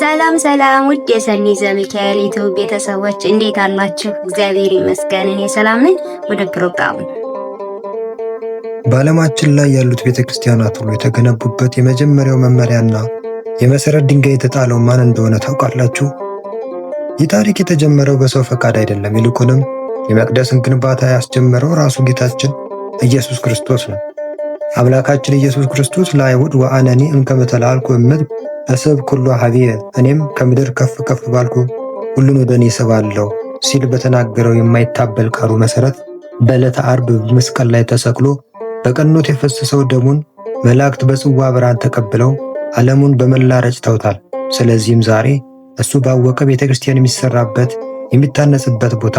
ሰላም ሰላም ውድ የሰኒ ዘሚካኤል ዩቲዩብ ቤተሰቦች እንዴት አላችሁ? እግዚአብሔር ይመስገን እኔ ሰላም ነኝ። ወደ ፕሮግራሙ። በዓለማችን ላይ ያሉት ቤተ ክርስቲያናት ሁሉ የተገነቡበት የመጀመሪያው መመሪያና የመሰረት ድንጋይ የተጣለው ማን እንደሆነ ታውቃላችሁ? ይህ ታሪክ የተጀመረው በሰው ፈቃድ አይደለም። ይልቁንም የመቅደስን ግንባታ ያስጀመረው ራሱ ጌታችን ኢየሱስ ክርስቶስ ነው። አምላካችን ኢየሱስ ክርስቶስ ለአይሁድ ወአነኒ እንከመተላልኩ እምት እስብ ኩሎ ሀቢየ እኔም ከምድር ከፍ ከፍ ባልኩ ሁሉን ወደ እኔ ስባለሁ ሲል በተናገረው የማይታበል ቃሉ መሰረት በዕለተ ዓርብ በመስቀል ላይ ተሰቅሎ በቀኖት የፈሰሰው ደሙን መላእክት በጽዋ ብርሃን ተቀብለው ዓለሙን በመላ ረጭተውታል። ስለዚህም ዛሬ እሱ ባወቀ ቤተ ክርስቲያን የሚሰራበት የሚታነጽበት ቦታ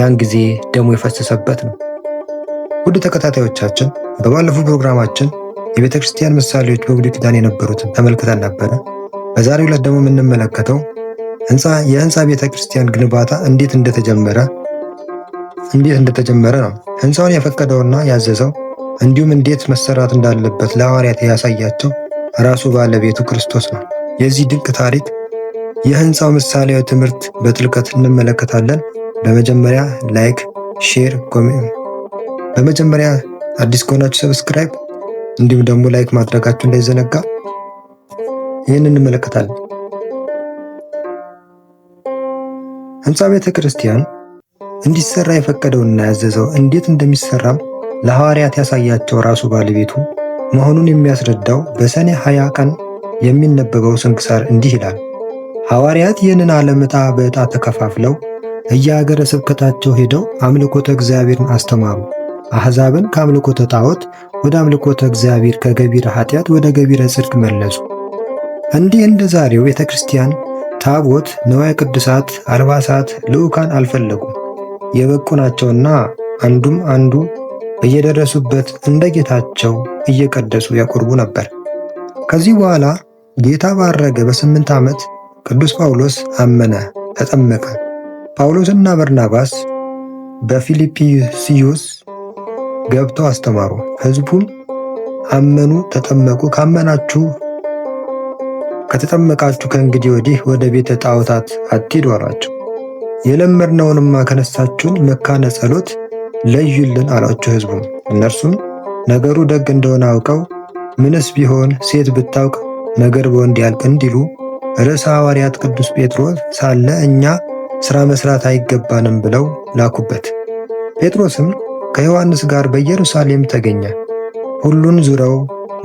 ያን ጊዜ ደሙ የፈሰሰበት ነው። ውድ ተከታታዮቻችን በባለፈው ፕሮግራማችን የቤተ ክርስቲያን ምሳሌዎች በብሉይ ኪዳን የነበሩትን ተመልክተን ነበረ። በዛሬ ዕለት ደግሞ የምንመለከተው ህንፃ የህንፃ ቤተ ክርስቲያን ግንባታ እንዴት እንደተጀመረ እንዴት እንደተጀመረ ነው። ህንፃውን የፈቀደውና ያዘዘው እንዲሁም እንዴት መሰራት እንዳለበት ለሐዋርያት ያሳያቸው ራሱ ባለቤቱ ክርስቶስ ነው። የዚህ ድንቅ ታሪክ የህንፃው ምሳሌያዊ ትምህርት በጥልቀት እንመለከታለን። በመጀመሪያ ላይክ፣ ሼር፣ ኮሜንት በመጀመሪያ አዲስ ከሆናችሁ ሰብስክራይብ እንዲሁም ደግሞ ላይክ ማድረጋችሁ እንዳይዘነጋ። ይህን እንመለከታለን። ህንፃ ቤተ ክርስቲያን እንዲሰራ የፈቀደውና ያዘዘው እንዴት እንደሚሰራም ለሐዋርያት ያሳያቸው ራሱ ባለቤቱ መሆኑን የሚያስረዳው በሰኔ 20 ቀን የሚነበበው ስንክሳር እንዲህ ይላል። ሐዋርያት ይህንን ዓለም ዕጣ በዕጣ ተከፋፍለው እየአገረ ስብከታቸው ሄደው አምልኮተ እግዚአብሔርን አስተማሩ። አሕዛብን ከአምልኮተ ጣዖት ወደ አምልኮተ እግዚአብሔር ከገቢረ ኃጢአት ወደ ገቢረ ጽድቅ መለሱ። እንዲህ እንደ ዛሬው ቤተ ክርስቲያን ታቦት፣ ነዋይ ቅዱሳት፣ አልባሳት፣ ልዑካን አልፈለጉም። የበቁ ናቸውና አንዱም አንዱ በየደረሱበት እንደ ጌታቸው እየቀደሱ ያቆርቡ ነበር። ከዚህ በኋላ ጌታ ባረገ በስምንት ዓመት ቅዱስ ጳውሎስ አመነ፣ ተጠመቀ። ጳውሎስና በርናባስ በፊልጵስዩስ ገብተው አስተማሩ። ህዝቡም አመኑ፣ ተጠመቁ። ካመናችሁ ከተጠመቃችሁ ከእንግዲህ ወዲህ ወደ ቤተ ጣዖታት አትሂዱ አሏቸው። የለመድነውንማ ከነሳችሁን መካነ ጸሎት ለዩልን አሏቸው። ህዝቡም እነርሱም ነገሩ ደግ እንደሆነ አውቀው ምንስ ቢሆን ሴት ብታውቅ ነገር በወንድ ያልቅ እንዲሉ ርዕሰ ሐዋርያት ቅዱስ ጴጥሮስ ሳለ እኛ ሥራ መሥራት አይገባንም ብለው ላኩበት። ጴጥሮስም ከዮሐንስ ጋር በኢየሩሳሌም ተገኘ። ሁሉን ዙረው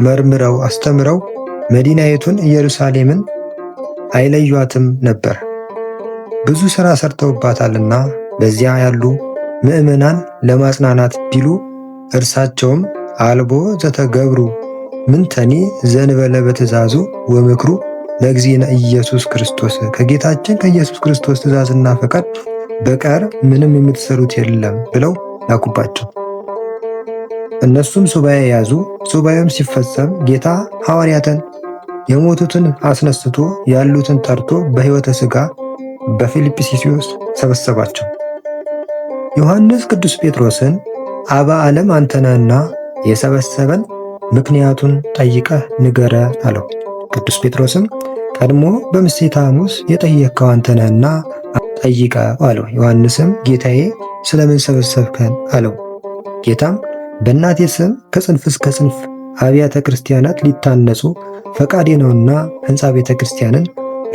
መርምረው አስተምረው መዲናይቱን ኢየሩሳሌምን አይለዩአትም ነበር፣ ብዙ ሥራ ሰርተውባታልና። በዚያ ያሉ ምእመናን ለማጽናናት ቢሉ እርሳቸውም አልቦ ዘተገብሩ ምንተኒ ዘንበለ በትእዛዙ ወምክሩ ለእግዚእነ ኢየሱስ ክርስቶስ ከጌታችን ከኢየሱስ ክርስቶስ ትእዛዝና ፈቃድ በቀር ምንም የምትሰሩት የለም ብለው ላኩባቸው። እነሱም ሱባኤ ያዙ። ሱባኤም ሲፈጸም ጌታ ሐዋርያትን የሞቱትን አስነስቶ ያሉትን ጠርቶ በሕይወተ ሥጋ በፊልጵስዩስ ሰበሰባቸው። ዮሐንስ ቅዱስ ጴጥሮስን አባ ዓለም አንተናና የሰበሰበን ምክንያቱን ጠይቀህ ንገረ አለው። ቅዱስ ጴጥሮስም ቀድሞ በምሴተ ሐሙስ የጠየቅከው አንተነህና ጠይቀው አለው። ዮሐንስም ጌታዬ ስለምን ሰበሰብከን አለው። ጌታም በእናቴ ስም ከጽንፍ እስከ ጽንፍ አብያተ ክርስቲያናት ሊታነጹ ፈቃዴ ነውና ሕንፃ ቤተ ክርስቲያንን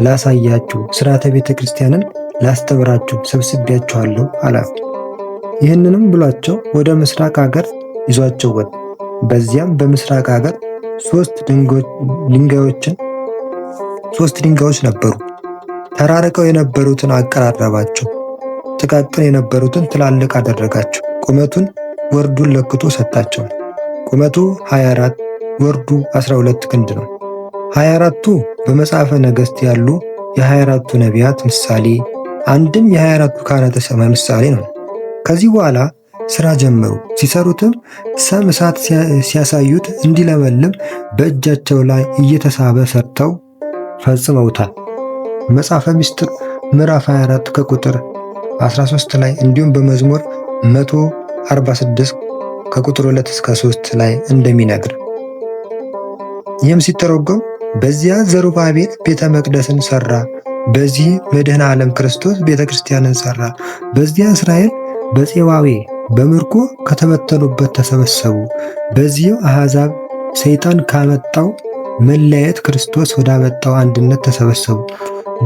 ላሳያችሁ፣ ስርዓተ ቤተ ክርስቲያንን ላስተምራችሁ ሰብስቤያችኋለሁ አላት። ይህንንም ብሏቸው ወደ ምስራቅ አገር ይዟቸው ወደ በዚያም በምስራቅ አገር ሶስት ድንጋዮችን ሶስት ድንጋዮች ነበሩ። ተራርቀው የነበሩትን አቀራረባቸው፣ ጥቃቅን የነበሩትን ትላልቅ አደረጋቸው። ቁመቱን ወርዱን ለክቶ ሰጣቸው። ቁመቱ 24 ወርዱ 12 ክንድ ነው። 24ቱ በመጽሐፈ ነገሥት ያሉ የ24ቱ ነቢያት ምሳሌ፣ አንድም የ24ቱ ካህናተ ሰማይ ምሳሌ ነው። ከዚህ በኋላ ስራ ጀመሩ። ሲሰሩትም ሰም እሳት ሲያሳዩት እንዲለመልም በእጃቸው ላይ እየተሳበ ሰርተው ፈጽመውታል። መጽሐፈ ምስጥር ምዕራፍ 24 ከቁጥር 13 ላይ እንዲሁም በመዝሙር 146 ከቁጥር 2 እስከ 3 ላይ እንደሚነግር ይህም ሲተረጎም በዚያ ዘሩባቤል ቤተ መቅደስን ሰራ፣ በዚህ መድህን ዓለም ክርስቶስ ቤተ ክርስቲያንን ሰራ። በዚያ እስራኤል በፄዋዌ በምርኮ ከተበተኑበት ተሰበሰቡ። በዚህ አሕዛብ ሰይጣን ካመጣው መለያየት ክርስቶስ ወዳመጣው አንድነት ተሰበሰቡ።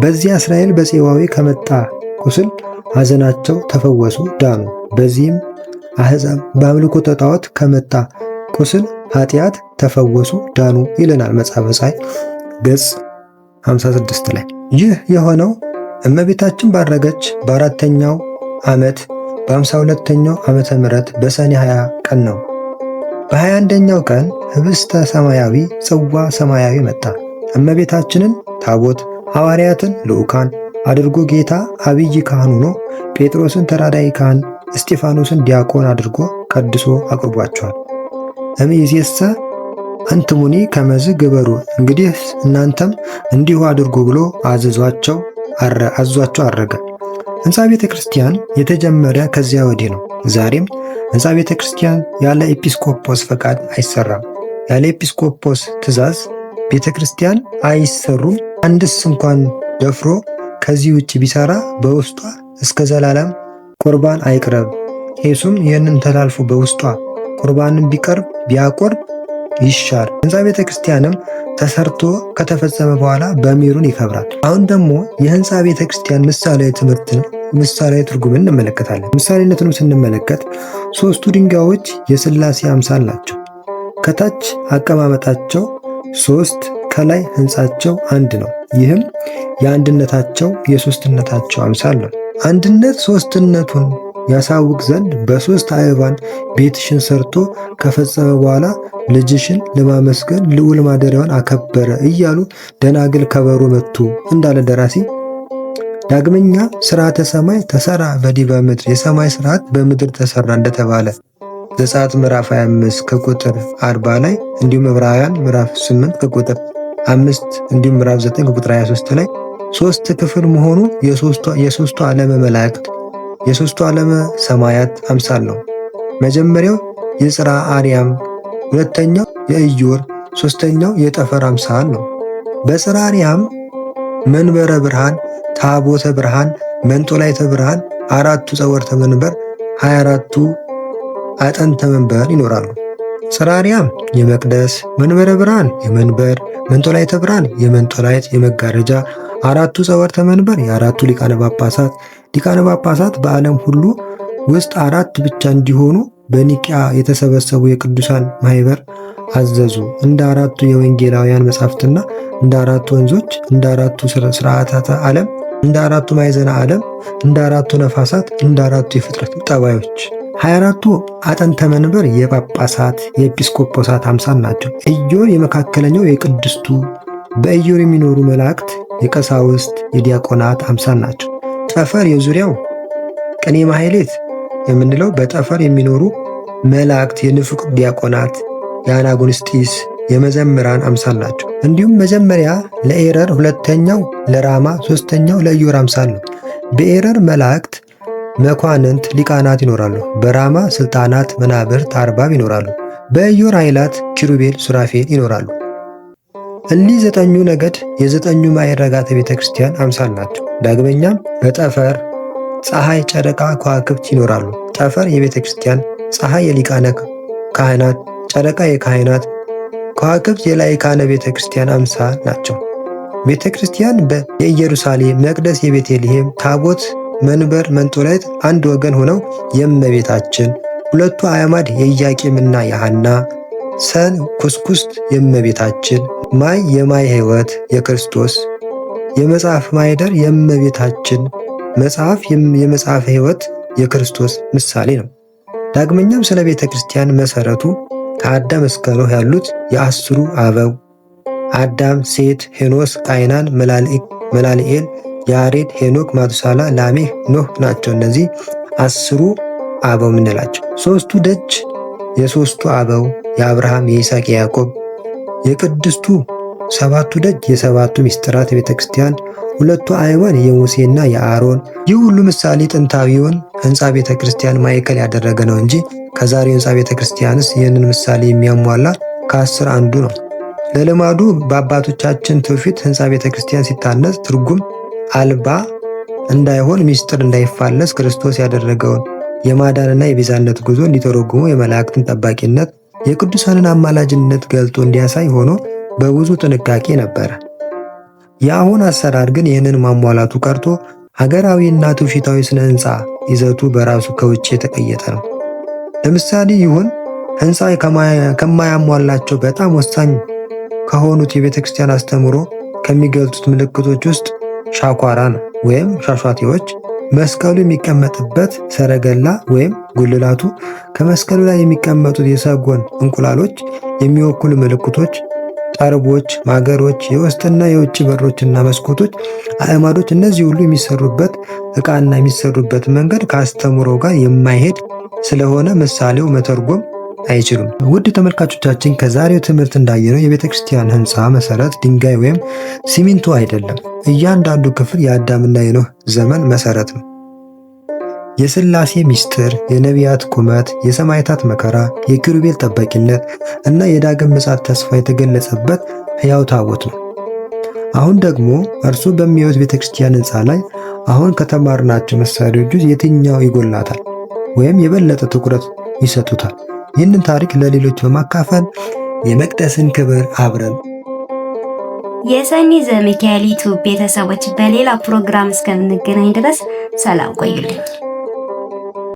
በዚያ እስራኤል በጼዋዊ ከመጣ ቁስል ሐዘናቸው ተፈወሱ ዳኑ። በዚህም አሕዛብ በአምልኮ ተጣዖት ከመጣ ቁስል ኃጢአት ተፈወሱ ዳኑ ይለናል መጽሐፈ ሳይ ገጽ 56 ላይ። ይህ የሆነው እመቤታችን ባረገች በአራተኛው ዓመት በአምሳ ሁለተኛው ዓመተ ምሕረት በሰኔ 20 ቀን ነው። በሀያ አንደኛው ቀን ህብስተ ሰማያዊ ጽዋ ሰማያዊ መጣ። እመቤታችንን ታቦት ሐዋርያትን ልዑካን አድርጎ ጌታ አብይ ካህን ሆኖ ጴጥሮስን ተራዳይ ካህን፣ እስጢፋኖስን ዲያቆን አድርጎ ቀድሶ አቅርቧቸዋል። እምይእዜሰ እንትሙኒ ከመዝ ግበሩ፣ እንግዲህ እናንተም እንዲሁ አድርጉ ብሎ አዟቸው አረገ። ሕንፃ ቤተ ክርስቲያን የተጀመረ ከዚያ ወዲህ ነው። ዛሬም ሕንፃ ቤተ ክርስቲያን ያለ ኤጲስቆጶስ ፈቃድ አይሰራም። ያለ ኤጲስቆጶስ ትእዛዝ ቤተ ክርስቲያን አይሰሩም። አንድስ እንኳን ደፍሮ ከዚህ ውጭ ቢሰራ በውስጧ እስከ ዘላለም ቁርባን አይቅረብ። ቄሱም ይህንን ተላልፎ በውስጧ ቁርባንን ቢቀርብ ቢያቆርብ ይሻር። ህንፃ ቤተ ክርስቲያንም ተሰርቶ ከተፈጸመ በኋላ በሚሩን ይከብራል። አሁን ደግሞ የህንፃ ቤተ ክርስቲያን ምሳሌ ትምህርት ምሳሌ ትርጉምን እንመለከታለን። ምሳሌነቱንም ስንመለከት ሶስቱ ድንጋዮች የስላሴ አምሳል ናቸው። ከታች አቀማመጣቸው ሶስት ከላይ ህንፃቸው አንድ ነው። ይህም የአንድነታቸው የሶስትነታቸው አምሳል ነው። አንድነት ሶስትነቱን ያሳውቅ ዘንድ በሶስት አይባን ቤትሽን ሰርቶ ከፈጸመ በኋላ ልጅሽን ለማመስገን ልዑል ማደሪያውን አከበረ እያሉ ደናግል ከበሮ መቱ እንዳለ ደራሲ ዳግመኛ ስርዓተ ሰማይ ተሰራ በዲበ ምድር የሰማይ ስርዓት በምድር ተሰራ እንደተባለ ዘጸአት ምዕራፍ 25 ከቁጥር 40 ላይ እንዲሁም ዕብራውያን ምዕራፍ 8 ከቁጥር አምስት እንዲሁም ምዕራፍ ዘጠኝ ቁጥር 23 ላይ ሶስት ክፍል መሆኑ የሶስቱ ዓለመ መላእክት የሶስቱ ዓለመ ሰማያት አምሳል ነው። መጀመሪያው የጽራ አርያም፣ ሁለተኛው የእዮር፣ ሶስተኛው የጠፈር አምሳል ነው። በጽራ አርያም መንበረ ብርሃን፣ ታቦተ ብርሃን፣ መንጦላይተ ብርሃን፣ አራቱ ጸወርተ መንበር፣ 24ቱ አጠንተ መንበር ይኖራሉ። ጸራሪያም የመቅደስ መንበረ ብርሃን የመንበር መንጦላይተ ብርሃን የመንጦላይት የመጋረጃ አራቱ ጸወርተ መንበር የአራቱ ሊቃነ ጳጳሳት ሊቃነ ጳጳሳት በዓለም ሁሉ ውስጥ አራት ብቻ እንዲሆኑ በኒቅያ የተሰበሰቡ የቅዱሳን ማህበር አዘዙ። እንደ አራቱ የወንጌላውያን መጻሕፍትና እንደ አራቱ ወንዞች፣ እንደ አራቱ ስርዓታተ ዓለም፣ እንደ አራቱ ማዕዘነ ዓለም፣ እንደ አራቱ ነፋሳት፣ እንደ አራቱ የፍጥረት ጠባዮች 24ቱ አጠንተ መንበር የጳጳሳት የኤጲስቆጶሳት አምሳል ናቸው። ኢዮር የመካከለኛው የቅድስቱ፣ በኢዮር የሚኖሩ መላእክት የቀሳውስት የዲያቆናት አምሳል ናቸው። ጠፈር የዙሪያው ቅኔ ማሕሌት የምንለው በጠፈር የሚኖሩ መላእክት የንፉቅ ዲያቆናት የአናጉንስጢስ የመዘምራን አምሳል ናቸው። እንዲሁም መጀመሪያ ለኤረር፣ ሁለተኛው ለራማ፣ ሶስተኛው ለኢዮር አምሳል ነው። በኤረር መላእክት መኳንንት፣ ሊቃናት ይኖራሉ። በራማ ስልጣናት፣ መናብርት፣ አርባብ ይኖራሉ። በኢዮር ኃይላት፣ ኪሩቤል፣ ሱራፌል ይኖራሉ። እኒህ ዘጠኙ ነገድ የዘጠኙ ማይረጋተ ቤተ ክርስቲያን አምሳል ናቸው። ዳግመኛም በጠፈር ፀሐይ፣ ጨረቃ፣ ከዋክብት ይኖራሉ። ጠፈር የቤተ ክርስቲያን፣ ፀሐይ የሊቃነ ካህናት፣ ጨረቃ የካህናት፣ ከዋክብት የላይካነ ቤተ ክርስቲያን አምሳል ናቸው። ቤተ ክርስቲያን የኢየሩሳሌም፣ መቅደስ የቤተልሔም፣ ታቦት መንበር መንጦላይት አንድ ወገን ሆነው የእመቤታችን ሁለቱ አዕማድ የኢያቄምና የሐና ሰን ኩስኩስት የእመቤታችን ማይ የማይ ሕይወት የክርስቶስ የመጽሐፍ ማይደር የእመቤታችን መጽሐፍ የመጽሐፍ ሕይወት የክርስቶስ ምሳሌ ነው። ዳግመኛም ስለ ቤተ ክርስቲያን መሠረቱ ከአዳም እስከ ኖህ ያሉት የአስሩ አበው አዳም፣ ሴት፣ ሄኖስ፣ ቃይናን፣ መላልኤል ያሬድ፣ ሄኖክ፣ ማቱሳላ፣ ላሜህ፣ ኖህ ናቸው። እነዚህ አስሩ አበው የምንላቸው ሶስቱ ደጅ የሶስቱ አበው የአብርሃም፣ የይስሐቅ፣ የያዕቆብ የቅድስቱ ሰባቱ ደጅ የሰባቱ ሚስጥራት የቤተ ክርስቲያን ሁለቱ አይዋን የሙሴና የአሮን ይህ ሁሉ ምሳሌ ጥንታዊውን ህንፃ ቤተ ክርስቲያን ማዕከል ያደረገ ነው እንጂ ከዛሬው ህንፃ ቤተ ክርስቲያንስ ይህንን ምሳሌ የሚያሟላ ከአስር አንዱ ነው። ለልማዱ በአባቶቻችን ትውፊት ህንፃ ቤተ ክርስቲያን ሲታነጽ ትርጉም አልባ እንዳይሆን ምስጢር እንዳይፋለስ ክርስቶስ ያደረገውን የማዳንና የቤዛነት ጉዞ እንዲተረጉሙ የመላእክትን ጠባቂነት የቅዱሳንን አማላጅነት ገልጦ እንዲያሳይ ሆኖ በብዙ ጥንቃቄ ነበረ። የአሁን አሰራር ግን ይህንን ማሟላቱ ቀርቶ ሀገራዊና ትውፊታዊ ስነ ህንፃ ይዘቱ በራሱ ከውጭ የተቀየጠ ነው። ለምሳሌ ይሁን ህንፃ ከማያሟላቸው በጣም ወሳኝ ከሆኑት የቤተ ክርስቲያን አስተምህሮ ከሚገልጹት ምልክቶች ውስጥ ሻኳራን ወይም ሻሻቴዎች መስቀሉ የሚቀመጥበት ሰረገላ ወይም ጉልላቱ ከመስቀሉ ላይ የሚቀመጡት የሰጎን እንቁላሎች የሚወክሉ ምልክቶች፣ ጠርቦች፣ ማገሮች፣ የውስጥና የውጭ በሮችና መስኮቶች፣ አእማዶች እነዚህ ሁሉ የሚሰሩበት እቃና የሚሰሩበት መንገድ ከአስተምሮ ጋር የማይሄድ ስለሆነ ምሳሌው መተርጎም አይችሉም። ውድ ተመልካቾቻችን ከዛሬው ትምህርት እንዳየነው የቤተ ክርስቲያን ህንፃ መሰረት ድንጋይ ወይም ሲሚንቶ አይደለም። እያንዳንዱ ክፍል የአዳምና የኖህ ዘመን መሰረት ነው። የስላሴ ምስጢር፣ የነቢያት ቁመት፣ የሰማዕታት መከራ፣ የኪሩቤል ጠባቂነት እና የዳግም ምጽአት ተስፋ የተገለጸበት ሕያው ታቦት ነው። አሁን ደግሞ እርሱ በሚያዩት ቤተ ክርስቲያን ህንፃ ላይ አሁን ከተማርናቸው መሳሪያዎች የትኛው ይጎላታል ወይም የበለጠ ትኩረት ይሰጡታል? ይህንን ታሪክ ለሌሎች በማካፈል የመቅደስን ክብር አብረን የሰኒ ዘሚካኤል ቤተሰቦች በሌላ ፕሮግራም እስከምንገናኝ ድረስ ሰላም ቆዩልኝ።